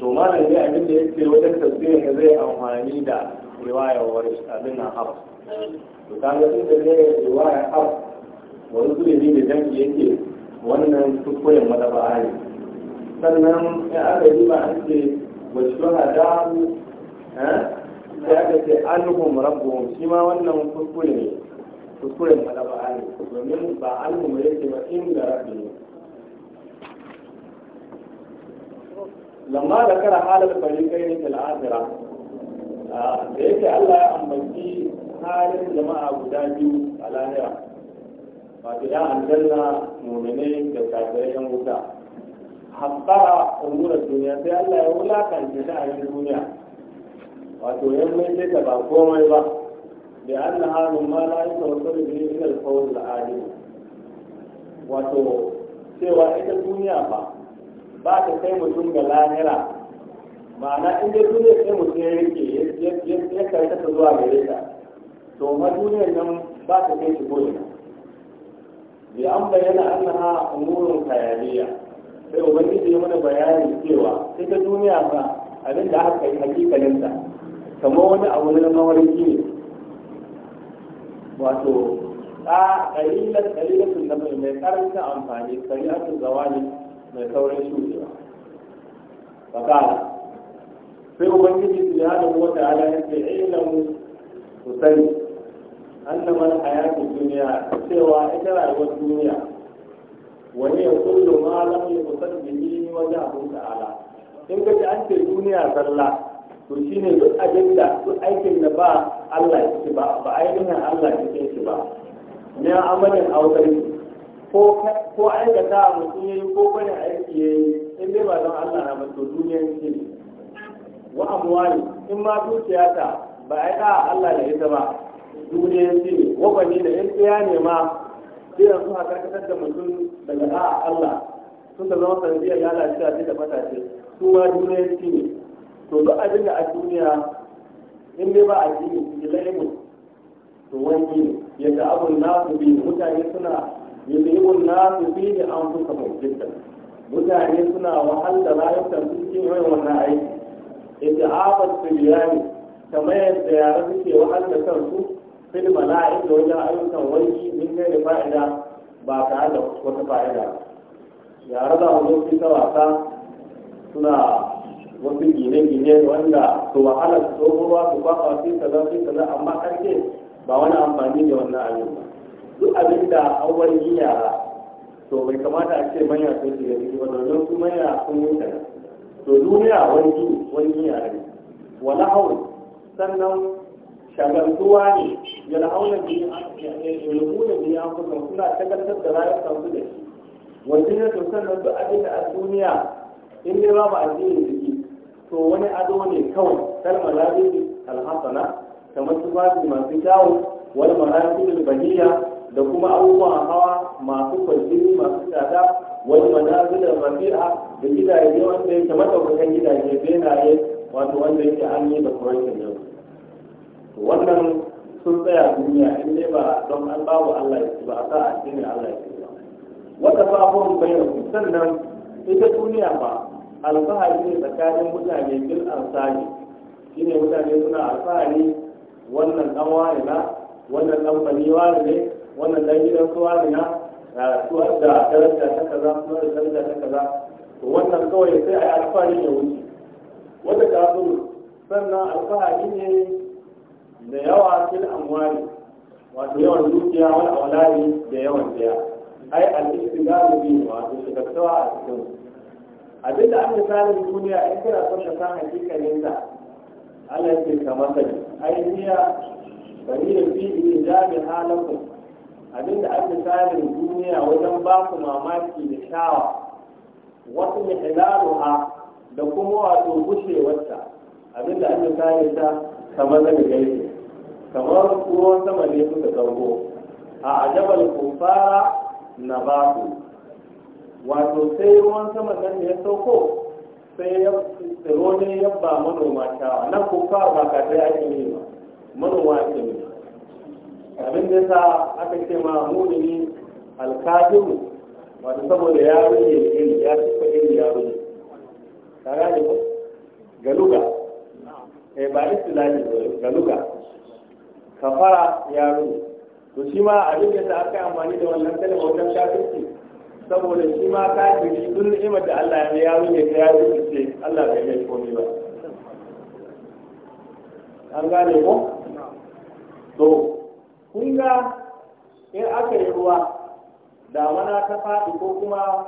to malam ne abin da yake wajen tafsirin zai amfani da riwaya wa abin nan haf to kaga tun da ne riwaya haf wa rasulihi da biyu da jami'i yake wannan kuskuren madaba ne sannan ya aka yi ba a ce wasu hadahu ya aka ce alhum rabu shi ma wannan kuskure ne ba a ne domin ba alhum ce ba da rabu ne lamma da kara halar kai ne fil akhirah da yake Allah ya ambaci halin jama'a guda biyu a lahira wato ya aljanna mu'minai da kafirai yan wuta haɓɓara umurar duniya sai Allah ya wulakanta ta a duniya wato yan mai sai ta ba komai ba da an na hannun ma na yi sauƙar da yi ilar da la'adi wato cewa ita duniya ba ba ta kai mutum ga lahira ma'ana in dai duniya sai mutum ya rike ya ta zuwa gare ta to ma duniyar nan ba ta kai shi ko ina bi an bayyana annaha umurun khayaliyya sai ubangiji ya mana bayani cewa ita duniya fa abin da aka yi hakikalinta kamar wani abu na mawarki ne wato a kalilan kalilatun sun mai mai karancin amfani kalilatun zawani mai saurin ba fakara sai ubangiji su ya da wata ala ya ce ilmu ku sani annaman hayatun duniya cewa ita rayuwar duniya wani ya kullu ma lam yusal wani wajhu ta'ala in kace an ce duniya sallah to shine duk abinda duk aikin da ba Allah yake ba ba ainihin Allah yake shi ba ne amalin aukari ko ko aikata mutum yi ko bane aiki yayi in dai ba don Allah na ba to duniyar ce wa amwali in ma dukiya ta ba ai da Allah da ita ba duniyar ce wa bani da in tsaya ne ma sai suna karkatar da mutum daga da'a Allah sun da zama sanadiyar lalacewa ce da fatace su ma shi ne to duk abin da a duniya in dai ba a shi jini ki laimu to wani ne yadda abun nasu bi mutane suna yadda ibun nasu bi ne an fuka mutunta mutane suna wahalar rayuwar su cikin yin wannan aiki yadda afat su biyani kamar yadda yara suke wahalar kansu fil da wajen ayyukan wani min kai da fa'ida ba tare da wata fa'ida ya za mu zo fi ta wasa suna wasu gine-gine wanda su wahala su tsohuwa su kwakwa fi kaza fi kaza amma karshe ba wani amfani da wannan abin ba duk abin da an wani yara to bai kamata a ce manya sun shiga ciki ba domin su manya sun yi to duniya wani wani yara ne wala haul sannan shagaltuwa ne ya bihi da bihi an kusa suna shagaltar da rayuwar kansu da shi wajen da sannan duk abin da a duniya in ba babu addini jiki to wani ado ne kawai kalmar labibi alhassana kamar su babu masu kyawu wani marasibin bahiya da kuma abubuwan hawa masu kwaljini masu tsada wani manazilin rafi'a da gidaje wanda yake madaukakan gidaje benaye wato wanda yake an yi da kurankin yau wannan sun tsaya duniya in ne ba don an babu Allah ya ci ba a sa addinin Allah ya ci ba wata fahon bayan sannan ita duniya ba alfahari ne tsakanin mutane bil ansari shine mutane suna alfahari wannan dan wani na wannan dan bani wani ne wannan dan gidan su wani na su da daraja ta kaza su da daraja ta kaza to wannan kawai sai a yi alfahari ya wuce wata kafin sannan alfahari ne da yawa fil amwali wato yawan dukiya wal auladi da yawan biya ai al istidalu bi wato shigartawa a cikin abinda an misalin duniya in kira son ka san hakikalin da Allah yake ka masali ai biya bari da fi ijabi halakum abinda an misalin duniya wajen ba ku mamaki da shawa wasu mihlaluha da kuma wato gushewarta abinda an misalin ta kamar da gaisu kamar ruwan sama ne suka sauko a ajabal kufara na baku wato sai ruwan sama nan ya sauko sai ya tsirone ya ba manoma shawa nan kufara ba ka sai ake yi ba manoma ake yi abin da sa aka ce ma mumini alkajiru wato saboda ya rage iri ya tuka iri ya rage ka gane ko galuga eh ba istilahi galuga kafara ya rubu to shi ma abin da aka amfani da wannan ta wajen kafirci saboda shi ma kafiri duk ni'imar da Allah ya yi ya ta ya rubuce Allah bai yi komai ba an gane ko to kun ga in aka yi ruwa damana ta faɗi ko kuma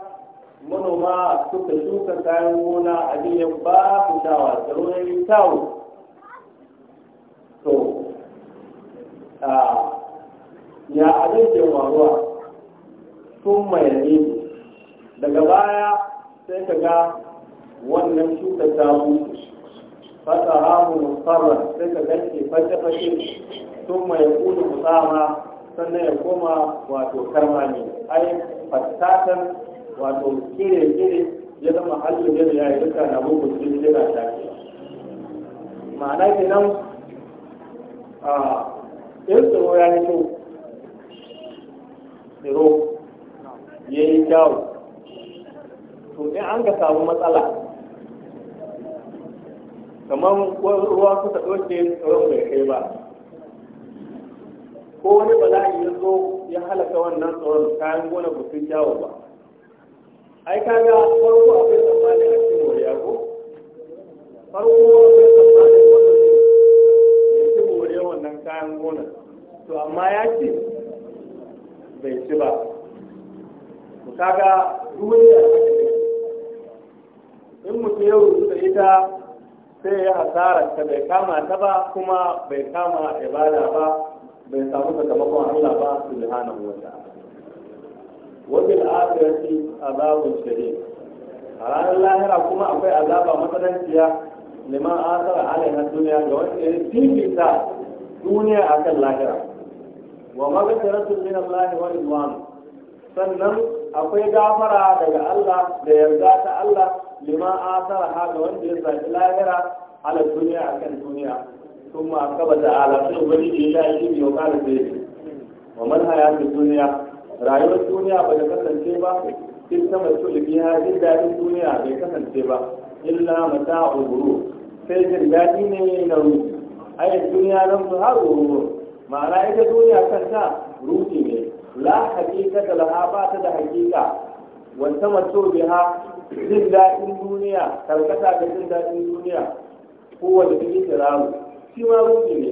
manoma suka shuka kayan gona a jiyan ba ku shawa da ruwan kyau? to Ah, ya abin ke waruwa sun mayani daga baya sai ka ga wannan shuka ta mutu fata hamu musamman sai ka ganke fashe-fashe sun mai kudu musama sannan ya koma wato karma ne ai fattatan wato kire-kire ya zama halin yadda ya yi duka na mugu cikin jira ta ma'ana ke a ah, sai tsoro ya yi kyau tsoro ya yi kyau to in an ka samu matsala kamar ruwa kusa ɗauke tsoron bai kai ba ko wani bala'i ya zo ya halaka wannan tsoron kayan gona ba sun kyau ba ai ka kaga farko akwai tsammanin a cikin wariya ko farko akwai tsammanin wannan ne cikin wariya wannan kayan gona to amma ya ce bai ci ba ku kaga duniya in mutum yau da ita sai ya hasara ta bai kama ta ba kuma bai kama ibada ba bai samu sakamakon Allah ba subhanahu wa ta'ala Wani akhirati azabun shadid a ranar lahira kuma akwai azaba matsananciya liman asara alaiha duniya ga wanda ya fifita duniya akan lahira wa maghfiratun min Allah wa ruwan. sannan akwai gafara daga Allah da yarda ta Allah lima asara ha ga wanda ya saki lahira ala duniya akan duniya kuma kaba da ala sun gani da ya yi biyo kala da wa man ya ta duniya rayuwar duniya ba ta kasance ba cikin ta mai tuli biya jin daɗin duniya bai kasance ba illa a guru sai jin ne na ruhu ayyar duniya don su har ruhu ma'ana ita duniya kanta ruhi ne la hakika da laha ba ta da hakika wata mato biha jin daɗin duniya karkata da jin daɗin duniya kowane da yake ramu shi ma ruhi ne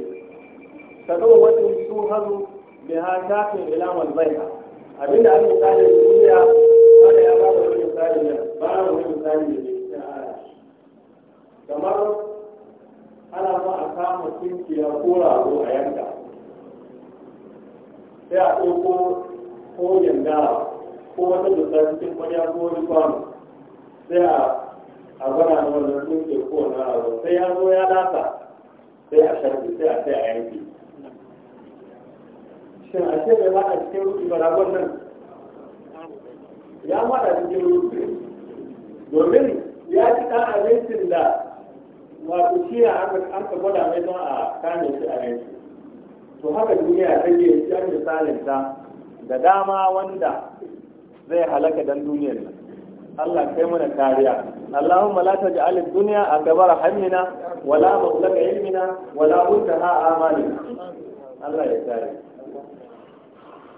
ta zama wata su hazu biha shafin ilamar baiha abinda ake tsari da duniya da ya ba da wani misali ne ba da wani misali ne kamar ana ma a kama kinkiya ko rago a yanka sai a ɗauko ko yanga ko wata dusa cikin kwanya ko wani kwano sai a a gana na wannan tsinke ko wani abu sai ya zo ya lasa sai a sharbi sai a sai a yanki shin a ce bai mata cikin rufi ba na nan ya mata cikin rufi domin ya ci ɗan abincin da wato shi ya ka gwada mai don a kame shi a yanki to haka duniya take yan misalinta da dama wanda zai halaka dan duniyar nan Allah kai mana kariya Allahumma la taj'al ad-dunya akbar hammina wala mablag ilmina wala muntaha amalina Allah ya kare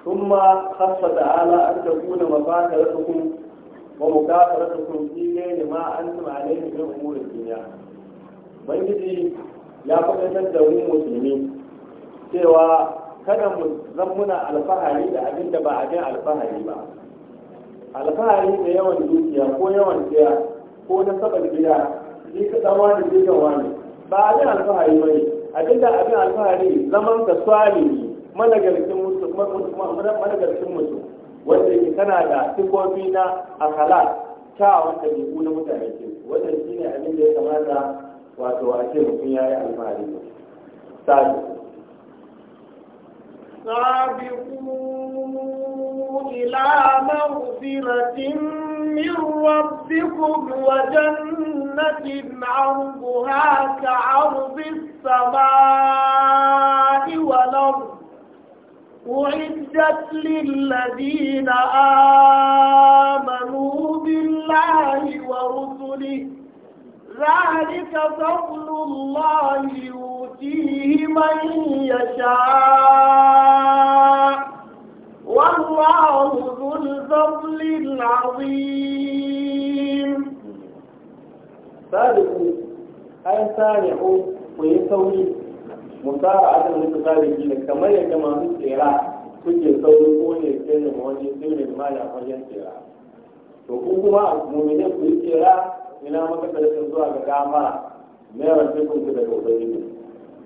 ثم خص تعالى أن تكون مفاترتكم ومكافرتكم في غير ما أنتم عليه من أمور الدنيا. بنجي يا فقد تدعون مسلمين cewa kada mu zan muna alfahari da abin da ba abin alfahari ba alfahari da yawan dukiya ko yawan tsaya ko na saba gida ni ka zama da jirgin wani ba abin alfahari ba ne abin da abin alfahari zaman ka swali managarcin mutum mutum wanda yake kana da sifofi na akala kyawun ke na mutane ke wannan shine abin da ya kamata wato a ce mutum ya yi alfahari. Sadi. سابقوا إلى مغفرة من ربكم وجنة عرضها كعرض السماء والأرض أعدت للذين آمنوا بالله ورسله ذلك فضل الله يؤتيه من يشاء والله ذو الفضل العظيم ثالث أن سارعوا ويسوي مسارعة المتقاربين كما يجمع السيرة kuke saurin ko ne sai da wani sirri malam wajen tsira to ku kuma mu'minin ku yi tsira ina maka zuwa ga gama mai rafikin ku daga ubangiji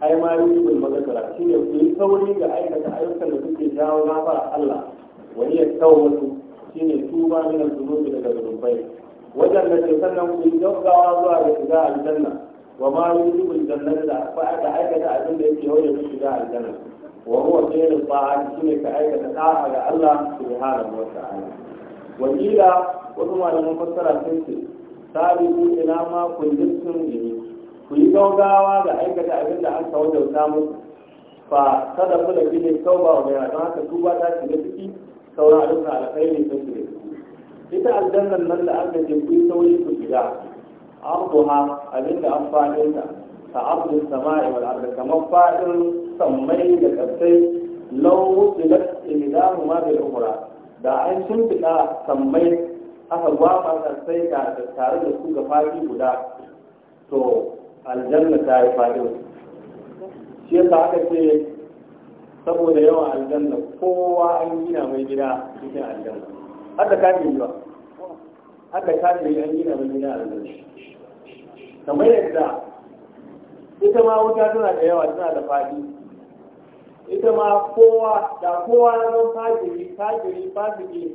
ai ma yi gudun mazakara shi ne su yi sauri ga aikata ayyukan da suke jawo gafara Allah wani ya kawo wasu shi ne tuba minan zunubi daga zunubai wajen da ke sannan ku yi gaggawa zuwa ga shiga aljanna wa ma yi gudun jannar da ba aikata abin da yake hauye su shiga aljanna wa huwa fi'lul ta'ati shi ne ka aikata ta'a ga Allah subhanahu wa ta'ala wa kila wasu malaman fassara sun ce sabiqu ila ma kuntum bihi ku yi gaugawa da aikata abin da an kawo kyauta musu fa kada kula ki ne ba wa mai don haka tuba ta shiga ciki sauran ayyuka alkhairi sun shiga ciki ita aljannan nan da aka ce ku yi sauri ku shiga buha abin da an fadin ta ka abdu sama'i wal ardi kamar fadin sammai da kasai law wusilat ihdahu ma bai umura, da an shimfiɗa sammai aka sai kasai tare da su ga fadi guda to aljanna ta yi fa'ida shi yasa aka ce saboda yawan aljanna kowa an gina mai gida cikin aljanna haka kafin ba haka kafin an gina mai gida aljanna kamar yadda ita ma wuta tana da yawa tana da fadi ita ma kowa da kowa na zan fajiri fajiri fajiri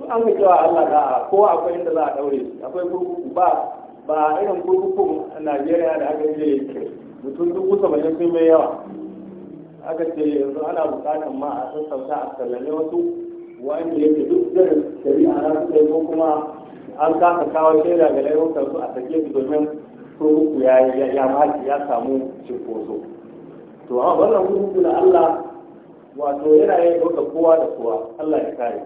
su an ga cewa Allah da'a kowa akwai inda za a daure akwai kurkuku ba ba irin kurkukun najeriya da aka je mutum duk dubu ba sun mai yawa aka ce yanzu ana bukatan ma a sassauta a sallame wasu wanda ke duk jirin shari'a na su ko kuma an kasa kawo shaida ga laifukan su a sake su domin kurkuku ya maki ya samu cikoso to amma wannan kurkuku na Allah wato yana yin ɗaukar kowa da kowa Allah ya kare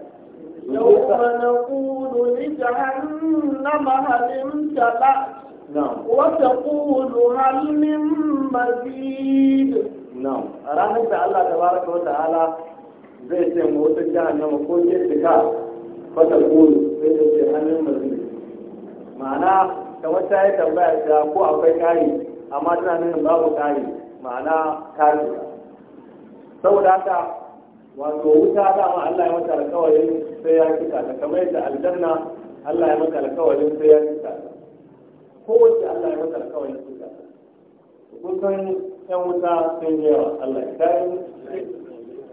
يوم نقول لجهنم هل امتلأت وتقول هل من مزيد نعم أراهن الله تبارك وتعالى zai ce ma wata jahannama ko ke shiga fatal gulu sai ta ce hannun mazini ma'ana kamar ta yi tambaya ta ko akwai kari amma tana nuna babu kari ma'ana kari saboda haka wato wuta dama Allah ya mata alkawarin sai ya kisa ta kamar yadda aljanna Allah ya mata alkawarin sai ya kisa ta kowace Allah ya mata ya kisa ta kusan yan wuta sun yi yawa Allah ya kare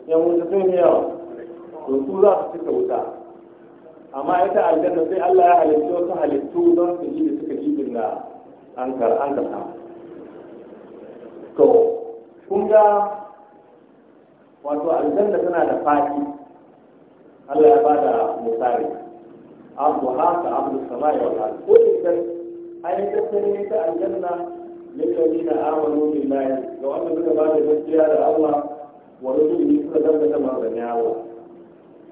yan wuta sun yi yawa to su za su cika wuta amma ita aljanna sai Allah ya halittu wasu halittu don su yi da suka yi da an karɓa to kun ga wato aljanna tana da fadi Allah ya bada misali abu haka abu samai wa ta ko idan ai ne ta aljanna lillazina amanu billahi ga wanda suka da gaskiya da Allah wa ne suka gaskata manzon Allah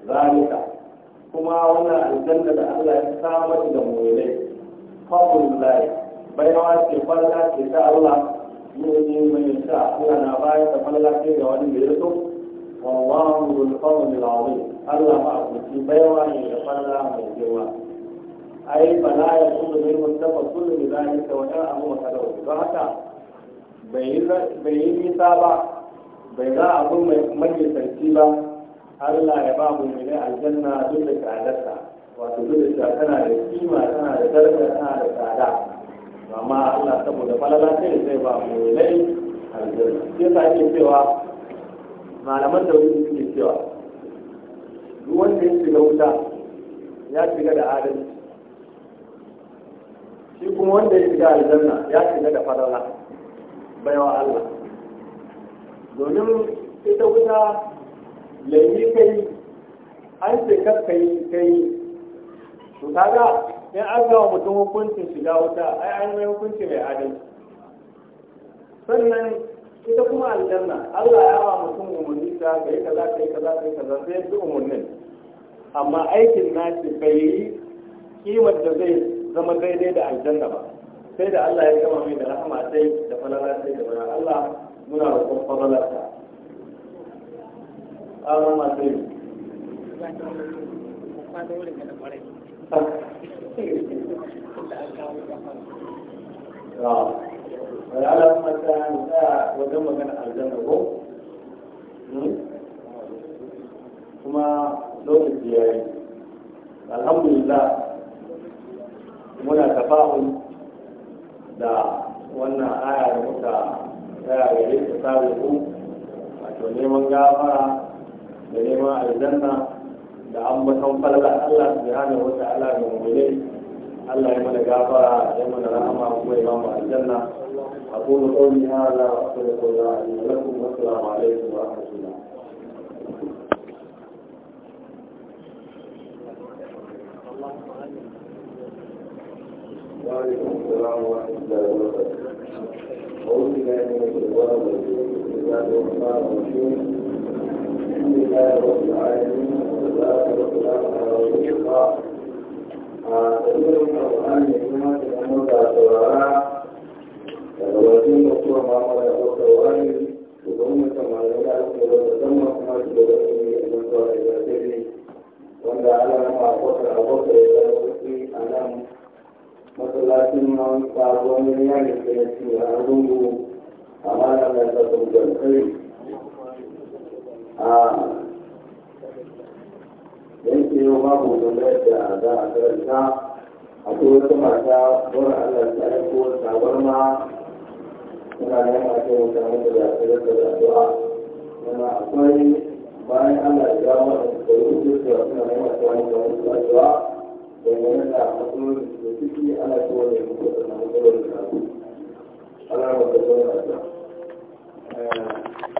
zalika kuma wannan aljanna da Allah ya samar da mu'minai fadlullahi bayawa ce farka ce ta Allah ne mai sa Allah na bayar da ce ga da ya so wallahu bil qawli al azim Allah ma abuci baiwa ne da falla mai girma ai fala ya kullu tafa mustafa kullu bi zalika wa ta'a abu makadawu don haka bai yi nisa ba bai za a zo mai sarki ba Allah ya ba mu ne aljanna duk da tsadarsa wato duk da tana da tana da tana da tsada amma Allah saboda falala zai ba aljanna ke cewa malaman da wani suke cewa duk wanda ya shiga wuta ya shiga da adalci shi kuma wanda ya shiga aljanna ya shiga da farala baiwa Allah domin ita wuta laifi kai an ce kar kai kai to kaga in an gawa mutum hukuncin shiga wuta ai an yi hukunci mai adalci sannan ita kuma aljanna Allah ya ba mutum umarni ta ga yi kaza kai kaza kai kaza sai bi umarnin amma aikin nashi bai yi kimar da zai zama daidai da aljanna ba sai da Allah ya gama mai da rahama sai da falala sai da bana Allah muna roƙon ta Allah ma sai Yeah. wajen magana aljanna ko hmm? kuma lokaci ya yi alhamdulillah muna tafa'un da wannan aya da muka tsaya da yi ta sabi ku wato neman gafara da neman aljanna da an ambaton falala Allah ya hana wata da mu'minai Allah ya mana gafara ya mana rahama kuma ya ba mu aljanna أقول قولي هذا وأستغفر الله لكم والسلام عليكم ورحمة الله وعليكم السلام ورحمة الله وبركاته. أعوذ بالله من الشيطان الرجيم، بسم الله الرحمن الرحيم. الحمد لله رب العالمين، والصلاة والسلام على رسول الله. تدبر القرآن لكلمات الأمور والقرآن wajen da kuma mamara da ɗaukar ne shugaban samarin ya ake da musamman kuma shugaban ne ya zan zuwa da zafi wanda ana nama abokan abokan ya zama kuɗi a nan masallacin nan sabon yanyan da ya ce a rungu amma na mai sabon jamkai a yanke yau babu zama da za a karanta akwai wata mata wani allah ta aiko tabarma suna da yana kai mutane da lafiyar da addu'a yana akwai bayan ana da dama da suka yi wuce da suna da yana kai mutane da addu'a da yana da matsaloli da suke ana kowa da yanzu da matsaloli da su ana da da addu'a